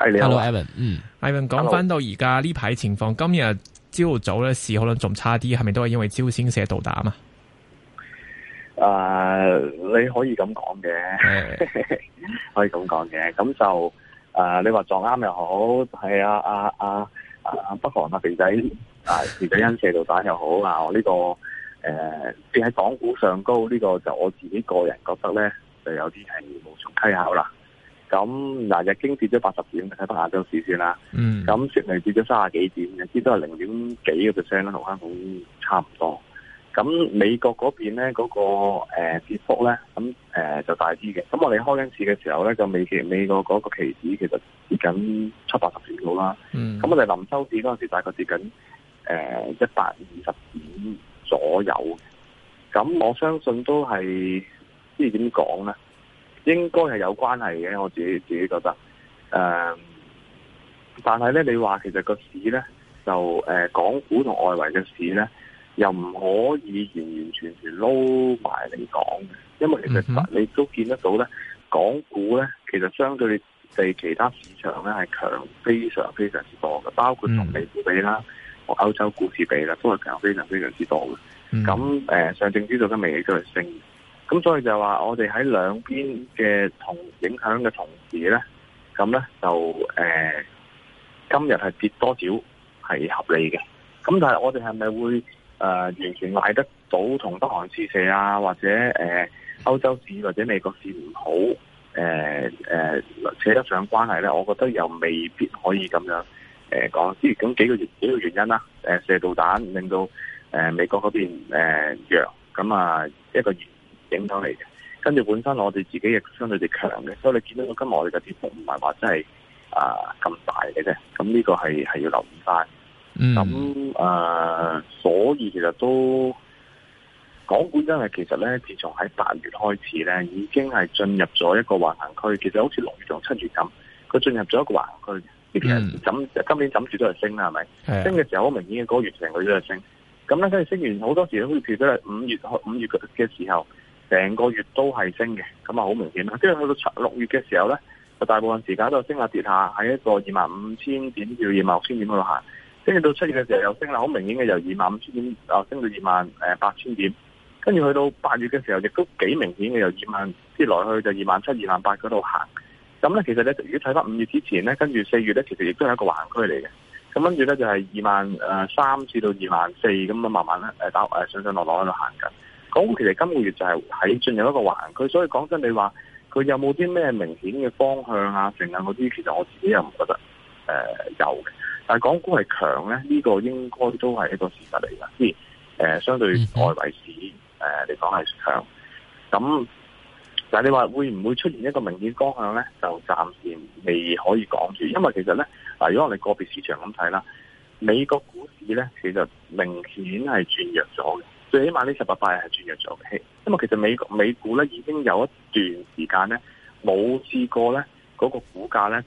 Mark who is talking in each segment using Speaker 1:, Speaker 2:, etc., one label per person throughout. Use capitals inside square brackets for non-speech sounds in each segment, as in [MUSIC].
Speaker 1: Hello，Evan、um。
Speaker 2: 嗯，Evan 講翻到而家呢排情況，今日朝早咧市可能仲差啲，係咪都係因為朝鮮射導彈嘛？
Speaker 3: 誒、uh，你可以咁講嘅， [LAUGHS] hey. 可以咁講嘅。咁就誒、啊，你話撞啱又好，係啊啊啊啊，北韓啊肥仔啊肥仔恩射導彈又好啊。 [LAUGHS] 我呢、這個誒，變喺港股上高呢、這個就我自己個人覺得咧，就有啲係無從稽考啦。咁嗱，日經跌咗八十點，睇翻亞洲市先啦。咁雪尼跌咗卅幾點，亦都係零點幾個 percent 啦，同、啊、香港差唔多。咁美國嗰邊咧，嗰、那個誒、呃、跌幅咧，咁、呃、誒就大啲嘅。咁我哋開緊市嘅時候咧，就美其美國嗰個期指其實跌緊七八十點度啦。咁我哋臨收市嗰陣時，大概跌緊誒一百二十點左右。咁我相信都係，即係點講咧？應該係有關係嘅，我自己我自己覺得，嗯、但係咧，你話其實個市咧，就、呃、港股同外圍嘅市咧，又唔可以完完全全撈埋嚟講嘅，因為其實你都見得到咧、嗯，港股咧其實相對地其他市場咧係強非常非常之多嘅，包括同美股比啦，同歐洲股市比啦，都係強非常非常之多嘅。咁、嗯、誒、呃，上證指數都未起出嚟升。咁所以就話我哋喺兩邊嘅同影響嘅同時咧，咁咧就誒、呃、今日係跌多少係合理嘅。咁但係我哋係咪會誒、呃、完全賴得到同北韓試射啊，或者誒歐、呃、洲市或者美國市唔好誒誒扯得上關係咧？我覺得又未必可以咁樣誒講。即係、呃、咁幾個月幾個原因啦、啊。誒、呃、射導彈令到誒、呃、美國嗰邊誒弱，咁啊一個原因影響嚟嘅，跟住本身我哋自己亦相對哋強嘅，所以你見到今日我哋嘅跌幅唔係話真係啊咁大嘅啫，咁呢個係係要留意翻。
Speaker 1: 咁、嗯、
Speaker 3: 啊、呃，所以其實都港股真係其實咧，自從喺八月開始咧，已經係進入咗一個橫行區。其實好似六月同七月咁，佢進入咗一個橫行區。呢
Speaker 1: 邊咁
Speaker 3: 今年咁住都係升啦，係咪？升嘅時候好明顯嘅，嗰個月成個月都係升。咁咧跟住升完好多時，好似譬如都係五月五月嘅時候。成個月都係升嘅，咁啊好明顯啦。即係去到六月嘅時候咧，就大部分時間都升下跌下，喺一個二萬五千點至二萬六千點嗰度行。跟住到七月嘅時候又升啦，好明顯嘅由二萬五千點啊升到二萬誒八千點。跟住去到八月嘅時候亦都幾明顯嘅，由二萬即係來去就二萬七、二萬八嗰度行。咁咧其實咧，如果睇翻五月之前咧，跟住四月咧，其實亦都係一個橫區嚟嘅。咁跟住咧就係二萬誒三至到二萬四咁樣慢慢咧，誒打誒上上落落喺度行緊。咁其實今個月就係喺進入一個環區，佢所以講真，你話佢有冇啲咩明顯嘅方向啊？定啊嗰啲，其實我自己又唔覺得誒、呃、有嘅。但係港股係強咧，呢個應該都係一個事實嚟噶，即係、呃、相對外圍市誒嚟講係強。咁但係你話會唔會出現一個明顯方向咧？就暫時未可以講住，因為其實咧，嗱，如果我哋個別市場咁睇啦，美國股市咧其實明顯係轉弱咗嘅。最起碼呢十八八日係轉弱咗嘅，因為其實美國美股咧已經有一段時間咧冇試過咧嗰、嗰個股價咧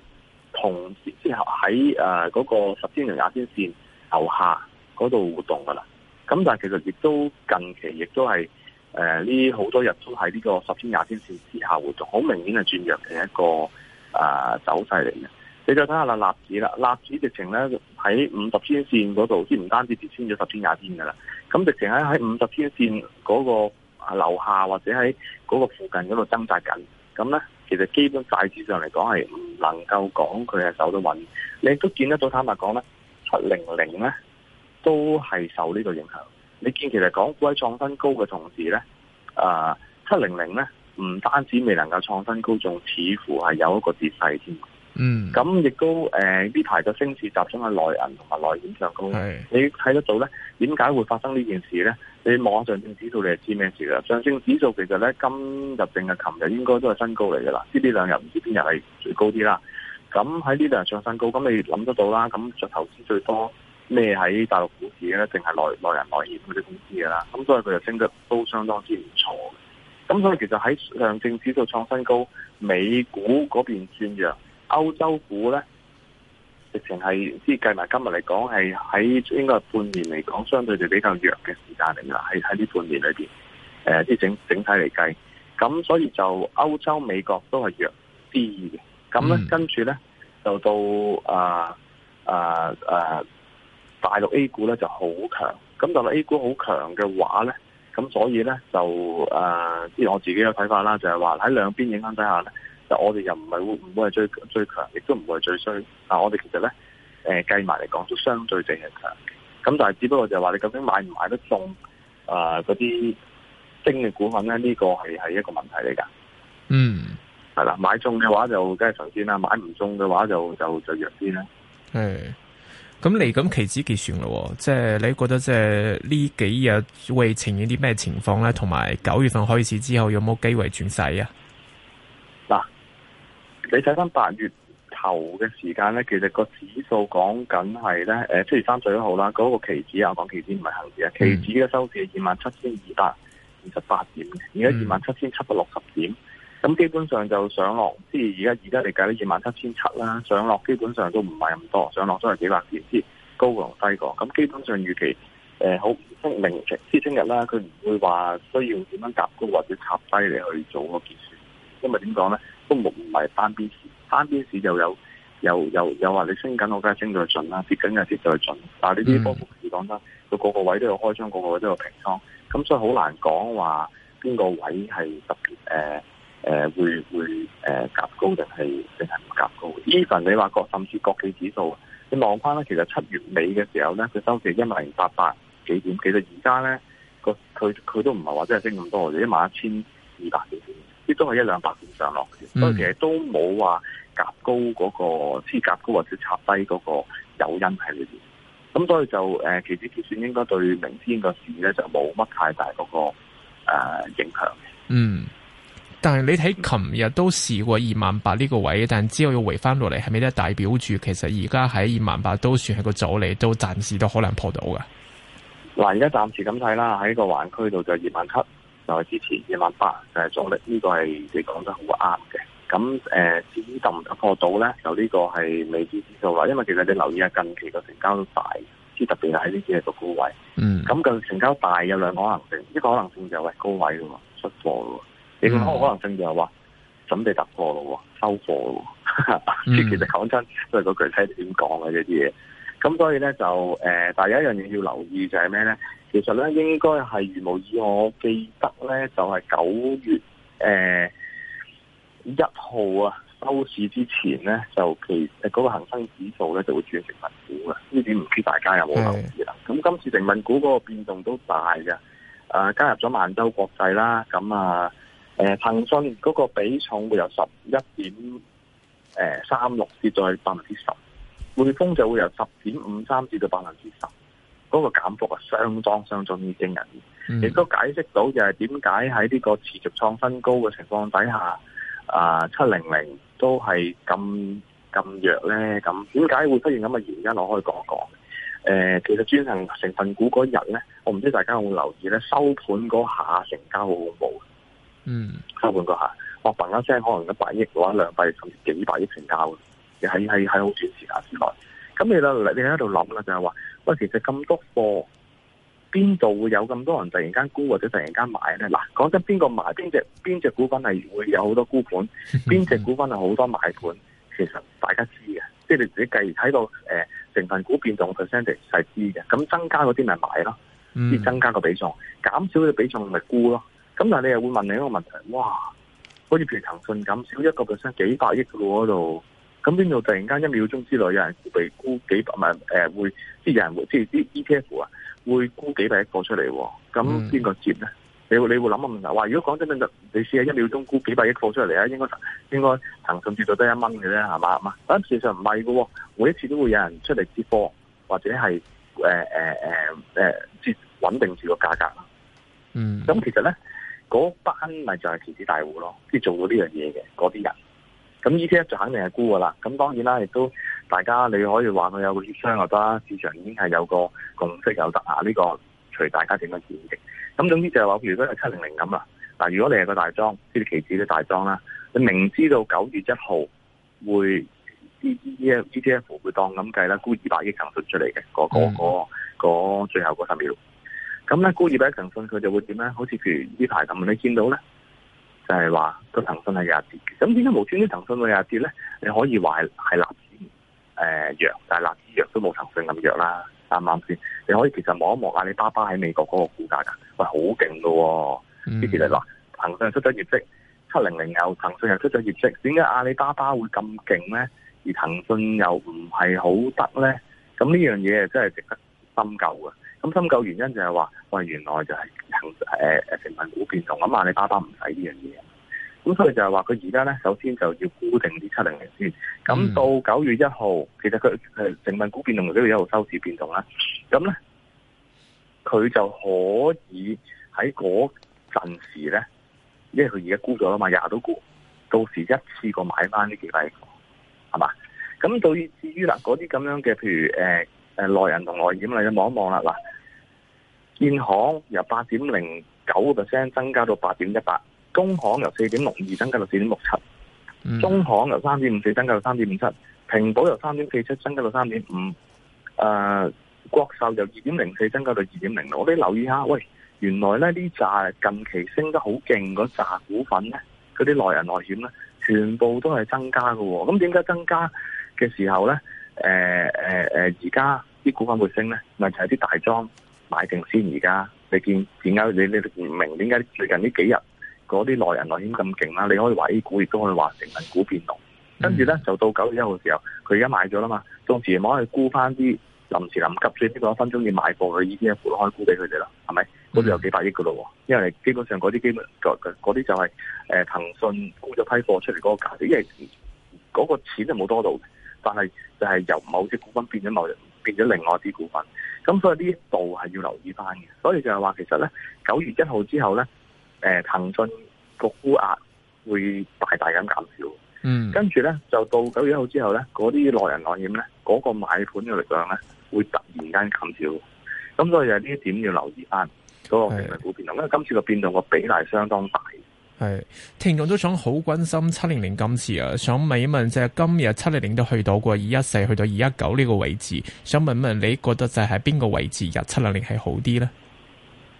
Speaker 3: 同之後喺誒嗰個十天零廿天線樓下嗰度活動噶啦。咁但係其實亦都近期亦都係誒呢好多日都喺呢個十天廿天線之下活動，好明顯係轉弱嘅一個誒、呃、走勢嚟嘅。你再睇下納指啦，納指直情咧喺五十天線嗰度，即係唔單止跌穿咗十天廿天噶啦。咁直情喺喺五十天線嗰個樓下或者喺嗰個附近嗰度掙扎緊，咁呢，其實基本大致上嚟講係唔能夠講佢係走得穩。你都見得到，坦白講呢，七零零呢都係受呢個影響。你見其實港股喺創新高嘅同時呢，啊、呃、七零零呢唔單止未能夠創新高，仲似乎係有一個跌勢添。嗯，咁亦都誒呢排嘅升市集中喺內銀同埋內險上高，你睇得到咧？點解會發生呢件事咧？你望上證指數你係知咩事嘅？上證指數其實咧今日定係琴日應該都係新高嚟噶啦，呢兩日唔知邊日係最高啲啦。咁喺呢兩日上新高，咁你諗得到啦？咁就投資最多咩喺大陸股市咧？定係內內銀內險啲公司嘅啦。咁所以佢就升得都相當之唔錯。咁所以其實喺上證指數創新高，美股嗰邊轉弱。歐洲股呢，直情係即計埋今日嚟講，係喺應該係半年嚟講相對就比較弱嘅時間嚟噶喺喺呢半年裏邊，誒、呃，整整體嚟計，咁所以就歐洲、美國都係弱啲嘅，咁呢、嗯、跟住呢，就到誒誒誒，大陸 A 股呢就好強，咁大陸 A 股好強嘅話呢，咁所以呢，就誒，即、啊、係我自己嘅睇法啦，就係話喺兩邊影響底下呢我哋又唔係會唔會係最最強，亦都唔會係最衰。但我哋其實咧，誒計埋嚟講，都相對淨係強。咁但係只不過就係話你究竟買唔買得中啊？嗰、呃、啲精嘅股份咧，呢個係係一個問題嚟噶。
Speaker 1: 嗯，
Speaker 3: 係啦，買中嘅話就梗係強先啦，買唔中嘅話就
Speaker 1: 就就弱啲啦。係，
Speaker 2: 咁嚟緊期指結算咯，即係你覺得即係呢幾日會呈現啲咩情況咧？同埋九月份開始之後有冇機會轉勢啊？
Speaker 3: 你睇翻八月頭嘅時間咧，其實個指數講緊係咧，誒、呃、七月三十一號啦，嗰、嗰個期指啊，講期指唔係恒指啊，期指嘅收市二萬七千二百二十八點嘅，而家二萬七千七百六十點，咁基本上就上落，即係而家而家嚟計咧二萬七千七啦，上落基本上都唔係咁多，上落都係幾百點即係高過同低過，咁基本上預期好、呃、不明情，即聽日啦，佢唔會話需要點樣夾高或者插低嚟去做個結算。因為點講咧，都暴唔係單邊市，單邊市又有又又又話你升緊，我梗係升到去盡啦；跌緊嘅跌到去盡。但係呢啲波幅市講得，佢個個位都有開張個個個位都有平倉，咁、嗯、所以好難講話邊個位係特別誒誒，會會誒夾高定係定係唔夾高。Even 你話各甚至國企指數，你望翻咧，其實七月尾嘅時候咧，佢收市一萬零八百幾點，其到而家咧個佢佢都唔係話真係升咁多，而且一萬一千二百幾點。亦都係一兩百點上落嘅，所、嗯、以其實都冇話夾高嗰、那個，黐夾高或者插低嗰個誘因喺裏邊。咁所以就誒、期、呃、指結算應該對明天個市咧，就冇乜太大嗰、那個誒、呃、影響。嗯，
Speaker 2: 但係你睇琴日都試過二萬八呢個位置，但之後要回翻落嚟，係咪都代表住其實而家喺二萬八都算係個阻力，都暫時都可能破到嘅？
Speaker 3: 嗱，而家暫時咁睇啦，喺個環區度就二萬七。就係、是、支持一萬八，就係、是、阻力呢、這個係你講得好啱嘅。咁誒、呃，至於突唔突破到咧，就呢個係未知之數啦。因為其實你留意下近期個成交都大，即特別係喺呢隻嘅高位。嗯。咁、嗯、嘅成交大有兩個可能性，一個可能性就係高位嘅出貨咯，
Speaker 1: 另一個可能
Speaker 3: 性就係、是、話、嗯、準備突破咯，收貨咯。即、嗯、其實講真，都係個具體點講嘅呢啲嘢。咁所以咧就誒、呃，但係有一樣嘢要留意就係咩咧？其實咧，應該係如無以我記得咧，就係九月誒一號啊，收市之前咧，就其誒嗰個恒生指數咧就會轉成份股嘅。呢點唔知大家有冇留意啦？咁今次成份股嗰個變動都大嘅，誒加入咗萬洲國際啦，咁啊誒騰訊嗰個比重會由十一點誒三六跌到去百分之十，匯豐就會由十點五三至到百分之十。嗰、那個減幅啊，相當相當之驚人，亦都解釋到就係點解喺呢個持續創新高嘅情況底下，啊七零零都係咁咁弱咧，咁點解會出現咁嘅原因？我可以講講。誒、呃，其實專恆成份股嗰日咧，我唔知大家有冇留意咧，收盤嗰下成交好恐怖，
Speaker 1: 嗯，
Speaker 3: 收盤嗰下，我嘭一聲，可能一百億，或者兩百億，甚至幾百億成交嘅，喺喺喺好短時間之內。咁你咧，你喺度諗啦，就係話，喂，其實咁多貨，邊度會有咁多人突然間沽或者突然間買咧？嗱，講真，邊個買邊隻邊隻股份係會有好多沽盤，邊隻股份係好多買盤，其實大家知嘅，即係你自己計睇，到，誒、呃，成份股變動 percent 係知嘅。咁增加嗰啲咪買咯，啲增加個比重，減少嘅比重咪沽咯。咁但係你又會問你一個問題，哇，好似譬如騰訊減少一個 percent 幾百億嘅度。咁邊度突然間一秒鐘之內有人會被沽幾百萬、呃？會即係有人會即係、就、啲、是、E T F 會沽幾百億貨出嚟喎。咁邊個接呢？Mm. 你會諗下問題，哇！如果講真咧，你試下一秒鐘沽幾百億貨出嚟啊，應該應該騰訊跌到得一蚊嘅呢？係嘛嘛？咁事實唔係嘅喎，每一次都會有人出嚟支貨，或者係誒誒誒誒即穩定住個價格。嗯，咁其實呢，嗰班咪就係投資大戶咯，即、就是、做過呢樣嘢嘅嗰啲人。咁 ETF 就肯定係沽噶啦，咁當然啦，亦都大家你可以話佢有個協商又得啦，市場已經係有個共識有得啊，呢、這個隨大家點樣演繹。咁總之就係話，譬如果係七零零咁喇，嗱，如果你係個大莊，呢啲期指嘅大莊啦，你明知道九月一號會 E T F 會當咁計啦，沽二百億騰訊出嚟嘅，那個個、嗯那個最後嗰三秒，咁咧沽二百億騰訊佢就會點咧？好似譬如呢排咁，你見到咧？就係話個騰訊係下跌的，咁點解無端端騰訊會下跌咧？你可以話係係納指、呃、弱，但係納指弱都冇騰訊咁弱啦，啱啱先，你可以其實望一望阿里巴巴喺美國嗰個股價噶，喂好勁噶喎！之前咧，嗱騰訊出咗業績，七零零有騰訊又出咗業績，點解阿里巴巴會咁勁咧？而騰訊又唔係好得咧？咁呢樣嘢真係值得深究啊！咁深究原因就係話，喂，原來就係、呃、成份股變動，咁阿里巴巴唔使呢樣嘢，咁所以就係話佢而家咧，首先就要固定啲七零零先，咁到九月一號，其實佢成份股變動亦都一路收市變動啦，咁咧佢就可以喺嗰陣時咧，因為佢而家沽咗啊嘛，廿都沽，到時一次過買翻呢幾百億，係嘛？咁至於啦，嗰啲咁樣嘅譬如誒內、呃呃、銀同內險你就望一望啦嗱。呃建行由八點零九個 percent 增加到八點一八，工行由四點六二增加到四點六七，中行由三點五四增加到三點五七，平保由三點四七增加到三點五，誒，國壽由二點零四增加到二點零六。我哋留意一下，喂，原來咧呢紮近期升得好勁，嗰扎股份咧，嗰啲內人內險咧，全部都係增加嘅哦。咁點解增加嘅時候咧，誒誒誒，而家啲股份會升咧，咪就係啲大莊？買定先而家，你見點解你你唔明點解最近呢幾日嗰啲內人內險咁勁啦。你可以話呢股亦都可以話成份股變動。跟住咧就到九月一號嘅時候，佢而家買咗啦嘛。到時我可以沽翻啲臨時臨急，即係呢個一分鐘要買貨嘅已啲嘢盤開沽俾佢哋啦，係咪？嗰度有幾百億嘅咯。因為基本上嗰啲基本嗰啲就係、是、誒騰訊沽咗批貨出嚟嗰個價，因為嗰個錢就冇多到，但係就係由某啲股份變咗某變咗另外一啲股份。咁所以呢一度係要留意翻嘅，所以就係話其實咧九月一號之後咧，誒騰訊個沽壓會大大咁減少，嗯，跟住咧就到九月一號之後咧，嗰啲內人內險咧，嗰、嗰個買盤嘅力量咧會突然間減少，咁所以係呢一點要留意翻嗰個成份股變動，因為今次個變動個比例相當大。
Speaker 1: 係
Speaker 2: 聽眾都想好關心七零零今次啊，想問一問就係、是、今日七零零都去到過二一四去到二一九呢個位置，想問問你覺得就係邊個位置入七零零係好啲
Speaker 3: 呢？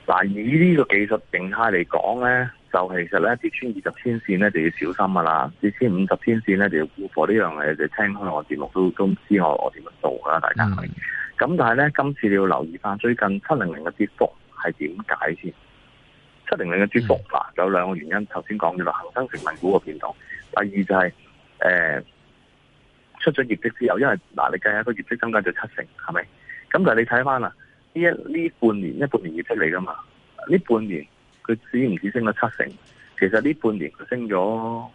Speaker 3: 嗱，以呢個技術形態嚟講呢，就其實呢，跌穿二十天線呢，就要小心噶啦，跌穿五十天線呢，就要沽貨。呢樣嘢就聽開我節目都都知我我點樣做噶啦，大家係。咁、mm. 但係呢，今次你要留意翻最近七零零嘅跌幅係點解先？七零零嘅跌幅。嗱、啊，有兩個原因。頭先講咗，啦，恆生成分股個變動。第二就係、是欸、出咗業績之後，因為嗱，你計下個業績增加咗七成，係咪？咁但係你睇翻啦，
Speaker 1: 呢一呢
Speaker 3: 半年，一半年業績嚟噶嘛？呢半年佢止唔止升咗七成？其實呢半年佢升咗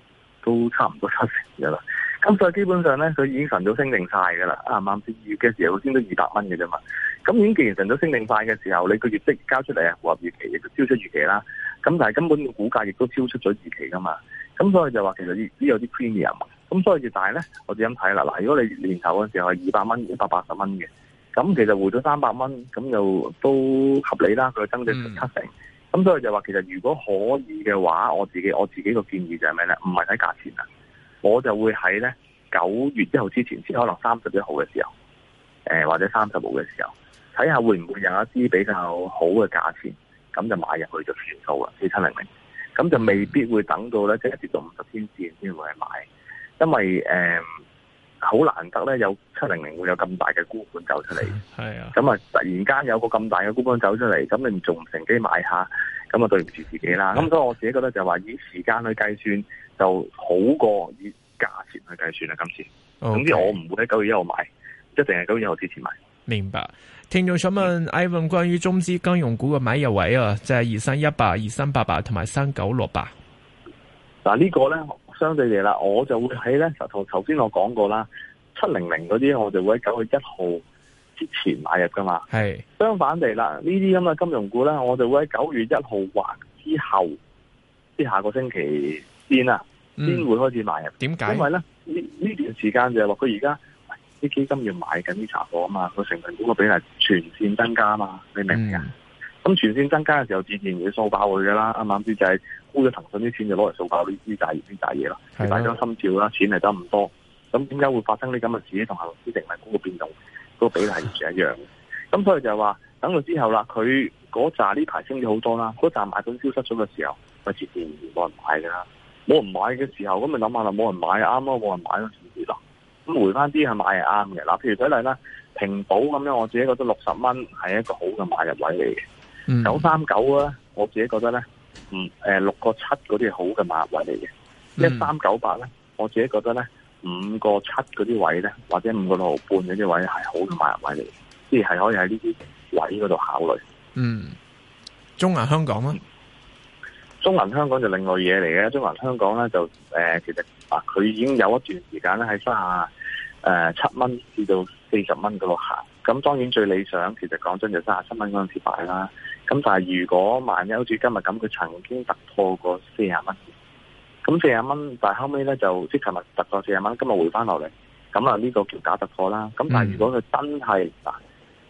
Speaker 3: 都差唔多七成㗎啦。咁所以基本上咧，佢已經神早升定曬㗎啦。啱啱先二月嘅時候，升得二百蚊嘅啫嘛。咁已經既然成咗升定快嘅時候，你個業績交出嚟啊，符合預期亦都超出預期啦。咁但係根本個股價亦都超出咗預期噶嘛。咁所以就話其實呢有啲 premium。咁所以越大咧，我哋咁睇啦？嗱，如果你年頭嗰時候係二百蚊、一百八十蚊嘅，咁其實回到三百蚊，咁又都合理啦。佢增值十七成。咁、嗯、所以就話其實如果可以嘅話，我自己我自己個建議就係咩咧？唔係睇價錢啊，我就會喺咧九月一號之前，先可能三十一號嘅時候，呃、或者三十號嘅時候。睇下會唔會有一啲比較好嘅價錢，咁就買入去就算數啦。四七零零，咁就未必會等到咧、嗯，即係一直到五十天線先會去買，因為誒好、嗯、難得咧，有七零零會有咁大嘅沽盤走出嚟。係、嗯、啊，咁啊，突然間有一個咁大嘅沽盤走出嚟，咁你仲唔乘成機買下，咁啊對唔住自己啦。咁、嗯、所以我自己覺得就係話，以時間去計算就好過以價錢去計算啦。今次
Speaker 1: ，okay, 總之我唔
Speaker 3: 會喺九月一號買，一定係九月一號之前買。
Speaker 2: 明白。聽眾想問 Ivan 關於中資金融股嘅買入位啊，就係二三一八、二三八八同埋三九六八。嗱、
Speaker 3: 這個、呢個咧相對地啦，我就會喺咧就同頭先我講過啦，七零零嗰啲我就會喺九月一號之前買入噶嘛。係相反地啦，呢啲咁嘅金融股咧，我就會喺九月一號或之後，即下個星期先啦，
Speaker 1: 先會
Speaker 3: 開始買入。點、嗯、解？因為咧呢呢段時間就係話佢而家。啲基金要買緊啲茶貨啊嘛，個成分股個比例全線增加啊嘛，你明噶？咁、嗯、全線增加嘅時候自然會掃爆佢噶啦，啱啱先？就係沽咗騰訊啲錢就攞嚟掃爆呢啲大呢啲大嘢啦，而咗心跳啦，錢係得唔多，咁點解會發生啲咁嘅事？同恒指成分股個變動、嗰個比例完全一樣，咁所以就係話，等到之後啦，佢嗰扎呢排升咗好多啦，嗰扎買盤消失咗嘅時候，自然冇人買噶啦，冇人買嘅時候，咁咪諗下啦，冇人買啱啱冇人買咁回翻啲係買係啱嘅，嗱，譬如舉例啦，平保咁樣，我自己覺得六十蚊係一個好嘅買入位嚟嘅，
Speaker 1: 九三
Speaker 3: 九咧，939，我自己覺得咧，嗯，誒六個七嗰啲好嘅買入位嚟嘅，一三九八咧，我自己覺得咧，五個七嗰啲位咧，或者五個六毫半嗰啲位係好嘅買入位嚟嘅，即、嗯、係、就是、可以喺呢啲位嗰度考慮。嗯，
Speaker 2: 中銀香港咯。
Speaker 3: 中銀香港就另外嘢嚟嘅，中銀香港咧就誒、呃、其實啊，佢已經有一段時間咧喺三下誒七蚊至到四十蚊嗰度行，咁當然最理想其實講真就三下七蚊嗰陣時買啦，咁但係如果萬一好似今日咁，佢曾經突破過四十蚊，咁四十蚊，但係後尾咧就即係尋日突破四十蚊，今日回翻落嚟，咁啊呢個叫假突破啦，咁但係如果佢真係嗱、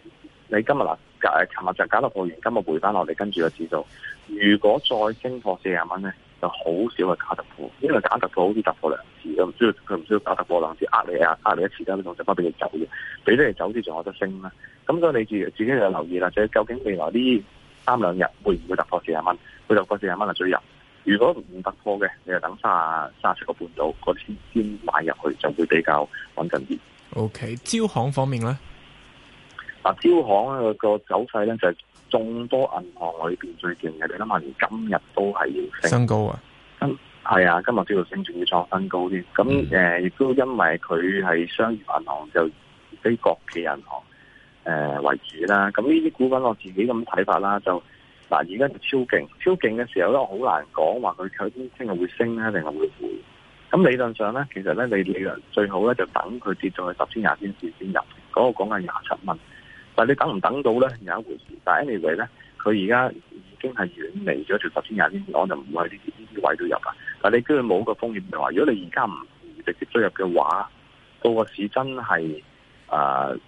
Speaker 3: 嗯，你今日啦。誒，琴日，就假突破完，今日回翻落嚟，跟住個指數，如果再升破四十蚊咧，就好少係假突破，因為假突破好似突破兩次咁，唔需要佢唔需要假突破兩次，壓你壓壓你一次啦，咁就翻俾你走嘅，俾你走啲仲有得升啦。咁所以你自自己就留意啦，即係究竟未來呢三兩日會唔會突破四十蚊？會突破四十蚊係追入，如果唔突破嘅，你就等卅卅出個半到，我先先買入去，就會比較穩陣啲。
Speaker 2: O K，招行方面咧。
Speaker 3: 嗱，招行呢個走勢咧就係、是、眾多銀行裏邊最勁嘅，你諗下，連今日都係要升，
Speaker 2: 新高啊！
Speaker 3: 咁係啊，今日都要升，仲要創新高啲。咁誒，亦、嗯、都因為佢係商業銀行，就非國企銀行誒、呃、為主啦。咁呢啲股份我自己咁睇法啦，就嗱，而家就超勁，超勁嘅時候咧，我好難講話佢有啲聽日會升咧，定係會回。咁理論上咧，其實咧，你你最好咧就等佢跌到去十天廿天線先入。嗰、那個講緊廿七蚊。但你等唔等到咧，有一回事。但係 anyway 咧，佢而家已經係遠離咗條十天廿天，我就唔會喺呢啲呢啲位度入啦。但係你居然冇個風險就話，如果你而家唔直接追入嘅話，到個市真係啊啊，佢、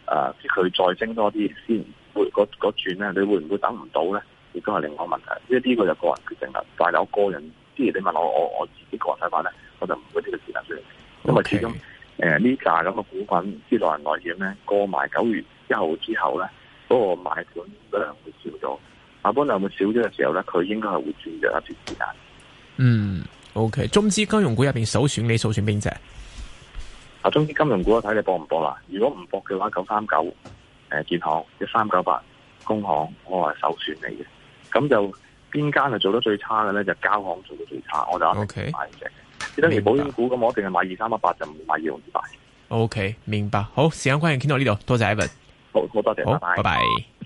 Speaker 3: 呃呃、再精多啲先，換個轉咧，你會唔會等唔到咧？亦都係另外一個問題。因為呢個就個人決定啦。但係我個人，即係你問我我我自己個人睇法咧，我就唔會呢啲時間入，okay。因為始終誒、嗯，呢價咁嘅股份之內，內嘅咧過埋九月一號之後咧，嗰個買盤嗰量會少咗，啊，嗰量會少咗嘅時候咧，佢應該係會轉弱一段時間。嗯
Speaker 1: ，OK，
Speaker 2: 中資金融股入邊首選你首選邊隻？
Speaker 3: 啊，中資金融股我睇你搏唔搏啦？如果唔搏嘅話，九三九誒建行、一三九八、工行，我係首選嚟嘅。咁就邊間係做得最差嘅咧？就是、交行做到最差，我就買一 OK 買隻。得嚟保險股，咁我一定係買二三一八，就
Speaker 2: 唔買二六二八。O K，明白。好，時間關係傾到呢度，多謝 Evan。
Speaker 3: 好好多謝好，拜拜。
Speaker 2: 拜拜。